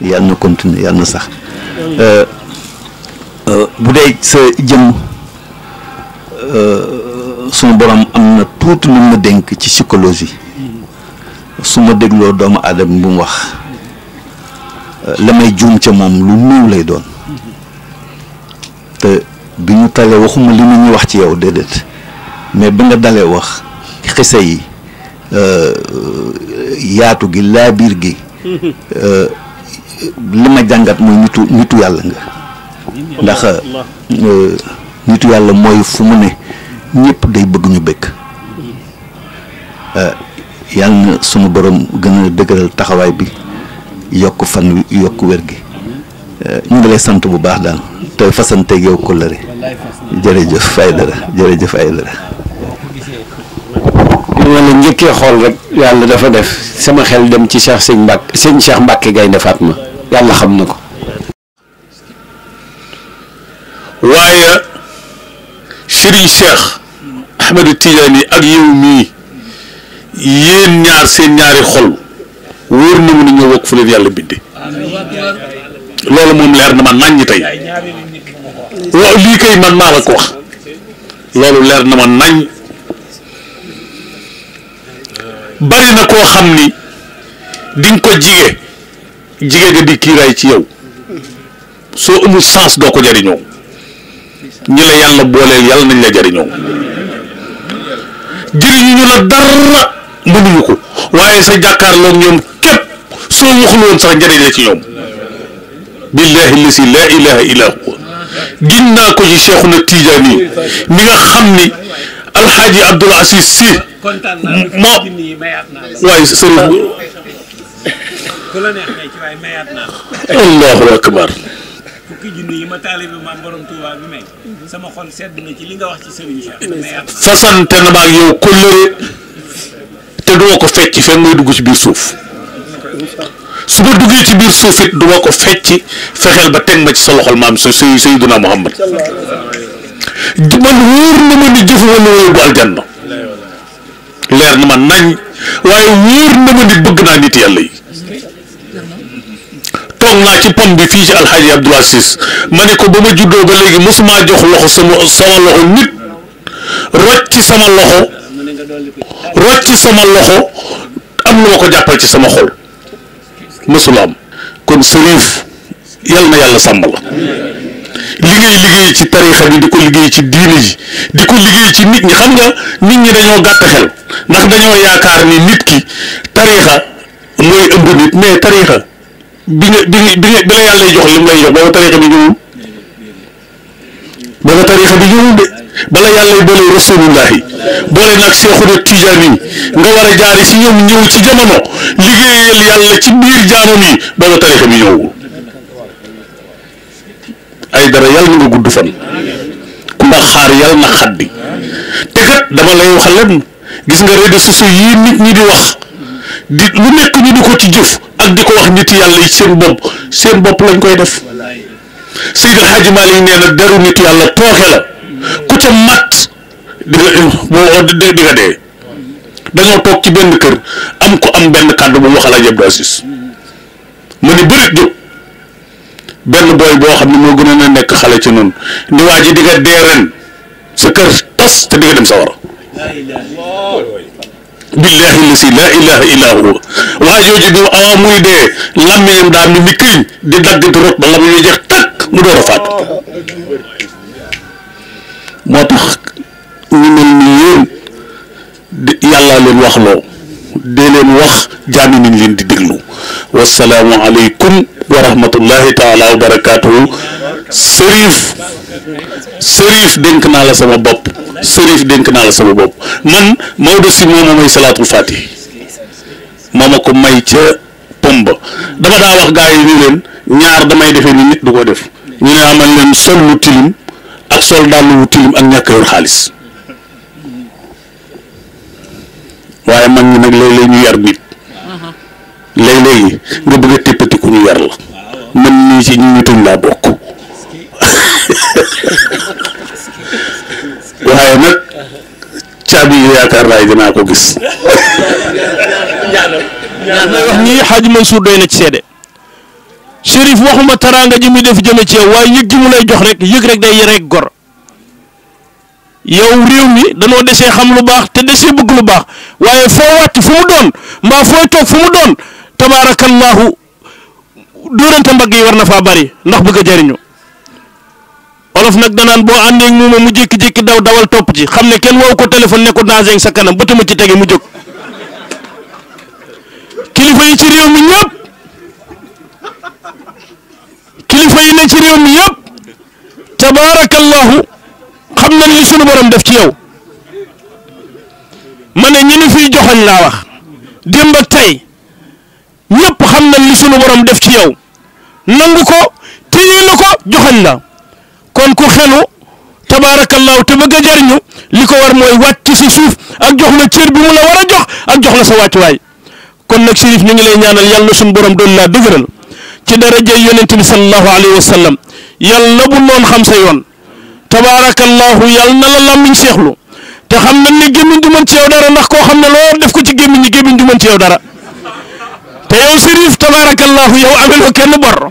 yàlla na continuer yàlla na sax euh, euh, bu dee sa jëm euh, sunu borom am na tuuti lu ma dénk ci psychologie suma dégloo doomu aadama bu mu wax la may juum ca moom lu nuw lay doon te bi ñu talee waxuma li ma ñu wax ci yow déedéet mais bi nga dalee wax xise yi yaatu gi laa biir gi li ma jàngat mooy nitu nitu yàlla nga ndax euh, nitu yàlla mooy fu mu ne ñëpp day bëgg ñu bëgg euh, yàlla na sunu borom gën a dëgëral taxawaay bi yokk fan wi yokk wér gi euh, ñu ngi lay sant bu baax daal te fasanteeg yow kóllëre jërëjëf ay dara jërëjëf ay dara li ma la njëkkee xool rek yàlla dafa def sama xel dem ci Cheikh sëñ Mbàkke sëñ Cheikh Mbàkke Gaynde ma yàlla xam na ko waaye Serigne Cheikh Ahmadu Tidiane ak yow mii yéen ñaar seen ñaari xol wóor na mun a ñëw wokk fu leen yàlla bidde loolu moom leer na ma naññ tey waaw lii kay man maa la ko wax loolu leer na ma nañ bari na koo xam ni di ko jige jigéen da di kiiraay ci yow soo amul sens doo ko jariñoo ñi la yàlla booleel yàlla nañ la jariñoo jëriñu ñu la dara mënuñu ko waaye sa jàkkaarloog ñoom képp soo waxul sax njëriñ la ci ñoom billaahi lasi si ilaha illa huwa gin naa ko ci Cheikhuna Tijaani yi mi nga xam ni alxaaji Abdul Aziz Si moo waaye sëriñ ku la neex ngay ci allahu akbar fukki junni na ci li nga wax ci Serigne Cheikh mayaat naa fasante na maag yow kóllëre te duma ko fecc fenn muy dugg ci biir suuf su ma duggee ci biir suuf it duma ko fecc fexeel ba teg ma ci sa loxol maam sa say Seydina Muhammad man wóor na ma ni jëfuma lu wóor bu aljanna leer na ma nañ waaye wóor na ma ni bëgg naa nit yàlla yi toog naa ci pom bi fii ci alxaaji Abdoul Aziz ma ne ko ba ma juddoo ba léegi mosuma jox loxo sama sama loxo nit rocc sama loxo rocc sama loxo am lu ma ko jàppal ci sama xol mosula am kon sëriif yal na yàlla sàmm la li ngay liggéey ci tariixa bi di ko liggéey ci diine ji di ko liggéey ci nit ñi xam nga nit ñi dañoo gàtt xel ndax dañoo yaakaar ni nit ki tariixa mooy ëmb nit mais tariixa bi nga bi nga bi la yàlla lay jox lim lay jox booba tariixa bi juum booba tariixa bi juum de bala yàlla boole rasulullahi boole nag Seexuna Tijaani nga war a jaari fi ñoom ñëw ci jamono liggéeyal yàlla ci biir jaamam yi booba tariixa bi ñëwul ay dara yàlla na nga gudd fan ndax xaar yàlla na xaddi te kat dama lay waxal leen gis nga réseaux sociaux yii nit ñi di wax di lu nekk ñu di ko ci jëf ak di ko wax nit yàlla yi seen bopp seen bopp lañ koy def Seydi Hadji Malick nee na deru nit yàlla tooke la ku ca matt di nga dee dañoo toog ci benn kër am ko am benn kàddu bu mu wax Alaaji Abdu Asiis ni bërit jóg benn booy boo xam ne moo gën a nekk xale ci noonu ni waa ji di nga dee ren sa kër tas te di nga dem sa war billahi lasi laa ilaha illa huwa waa jooju boobu avant muy dee làmmiñam daa mel ni këriñ di dagg di rot ba jeex takk mu door a faat moo tax ñu mel ni yéen yàllaa leen wax loo dee leen wax jaami leen di déglu wasalaamu aleykum wa rahmatullahi wa barakaatuhu Serif Serif denk naa la sama bopp Serif denk naa la sama bopp man Maodo si moom a may salaatul faatih moo ma ko may ca pomba dama daa wax gars yi ni leen ñaar damay defee ni nit du ko def ñu ne amal leen sol lu tilim ak sol dàll wu tilim ak ñàkk yor xaalis waaye mag ñi nag léeg-léeg ñu yar nit léeg-léeg nga bëgg a ku ñu yar la man nii ci ñu yaakaar ko gis. wax nii xaaj Mansour doy na ci seede Chérif waxuma taraanga ji muy def jëme ci yow waaye yëg gi lay jox rek yëg rek day yëre gor yow réew mi danoo desee xam lu baax te desee bëgg lu baax waaye foo wàcc fu mu doon mbaa fooy toog fu mu doon tabaarakallaahu dóorante mbagg yi war na faa bari ndax bëgg a jariñu olof nag danaan boo àndeek àndee muuma mu jékki-jékki daw dawal topp ci xam ne kenn woowu ko téléphone ne ko danger sa kanam bëtuma ci tege mu jóg kilifa yi ci réew mi ñëpp kilifa yi ne ci réew mi yëpp tabaarakallahu xam nañ li sunu borom def ci yow ma ne ñi ni fiy joxoñ laa wax démb ak tey ñëpp xam nañ li sunu borom def ci yow nangu ko téye la ko joxoñ la. doon ko xelu tabaarakallaahu te bëgg a jariñu li ko war mooy wàcc si suuf ak jox na cër bi mu la war a jox ak jox na sa waay kon nag Chérif ñu ngi lay ñaanal yàlla suñu borom doon naa dëgëral ci daraja yonent bi sallallahu alayhi wa sallam yàlla bu noon xam sa yoon tabaarakallaahu yàlla na la làmmiñ seexlu te xam na ni gémmiñ du mën ci yow dara ndax koo xam ne loo def ko ci gémmiñ ñi gémmiñ du mën ci yow dara te yow Chérif tabaarakallaahu yow ameloo kenn bor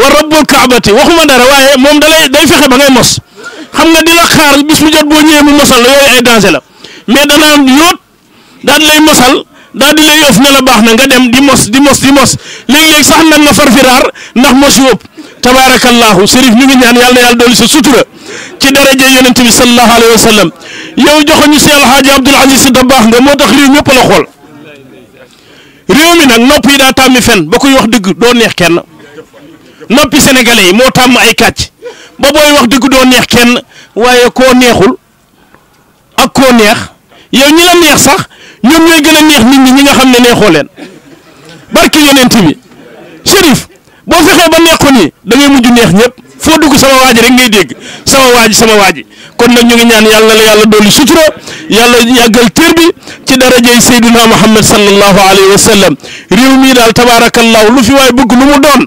wa rabbul kaabati waxuma dara waaye moom dalay day fexe ba ngay mos xam nga di la xaar bis bu jot boo ñëwee mu mosal la yooyu ay la mais danaan yóot daal di lay masal daal di la yoof ne la baax na nga dem di mos di mos di mos léeg-léeg sax nag nga farfiraar ndax mos yóob tabaarakallaahu sërif ñu ngi ñaan yàlla na yàlla dolli sa sutura ci daraja yonent bi sallallahu alayhi wa sallam yow joxoñu si alxaaji abdul aziz si da baax nga moo tax réew ñëpp la xool réew mi nag nopp yi daa tàmmi fen ba wax dëgg doo neex kenn noppi sénégalais yi moo tàmm ay kàcc ba booy wax dëgg doo neex kenn waaye koo neexul ak koo neex yow ñi la neex sax ñoom ñooy gën a neex nit ñi ñi nga xam ne neexoo leen barki yonent bi Chérif boo fexee ba neexu nii da mujju neex ñëpp foo dugg sama waaji rek ngay dégg sama waaji sama waaji kon nag ñu ngi ñaan yàlla la yàlla dolli sutura yàlla yàggal téer bi ci darajey Seydina Muhammad sallallahu alayhi wa sallam réew mii daal tabaarakallaahu lu fi waay bëgg lu mu doon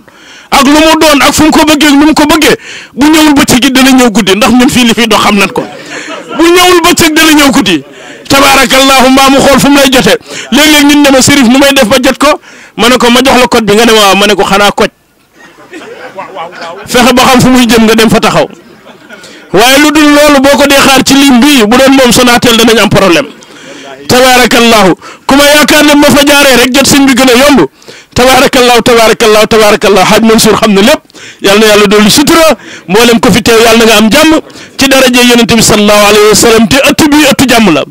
ak lu mu doon ak fu mu ko bëggee ak nu ko bëggee bu ñëwul bëccëg it dana ñëw guddi ndax ñun fii li fi dox xam nat ko bu ñëwul bëccëg dana ñëw guddi tabaarakallaahu mbaa mu xool fu mu lay jotee léeg-léeg ñun ne ma sérif nu may def ba jot ko ma ne ko ma jox la code bi nga ne waaw ma ne ko xanaa koj fexe ba xam fu muy jëm nga dem fa taxaw waaye lu dul loolu boo ko dee xaar ci ligne bii bu doon moom Sonatel danañ am problème tabaarakallaahu ku ma yaakaar ne ma fa jaaree rek jot sëñ bi gën a yomb. tabaarakallaahu tabaarakallaahu tabaarakallaahu xaaj Mansour xam na lépp yal na yàlla dolli sutura mboolem ko fi teew yal na nga am jàmm ci daraje yonent bi sallallahu alayhi wa sallam te ëtt bi ëttu jàmm la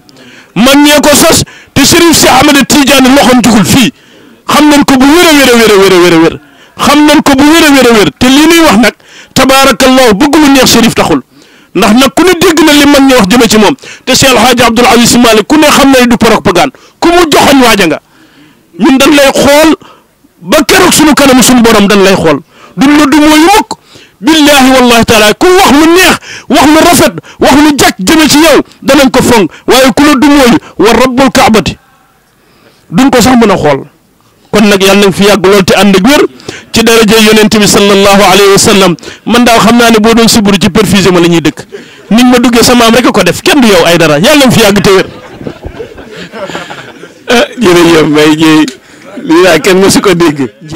mag ñee ko sos te Serigne Cheikh Ahmed Tidiane loxoom jugul fii xam nañ ko bu wér a wér a wér a wér a xam nañ ko bu wér a a wér te lii nuy wax nag tabaarakallaahu bëgg lu neex Chérif taxul ndax nag ku ne dégg na li mag ñi wax jëme ci moom te Cheikh El Hadj Aziz Malick ku ne xam na ne du propagande ku mu joxoñ waaja nga ñun dañ lay xool ba keroog sunu kanam sunu boroom dañ lay xool duñ la du mooy mukk billahi wallahi taala ko wax lu neex wax lu rafet wax lu jàkk jëme ci yow danañ ko fonk waaye ku la du mooy war rabbul kaabati duñ ko sax mën a xool kon nag yàlla nañ fi yàgg lool te ànd ak wér ci daraja yonent bi sallallahu alayhi wa sallam man daaw xam naa ne boo doon siburu ci perfusé ma la ñuy dëkk niñ ma duggee sama a ko def kenn du yow ay dara yàlla fi yàgg te wér eh, lii laa kenn mësu ko dégg.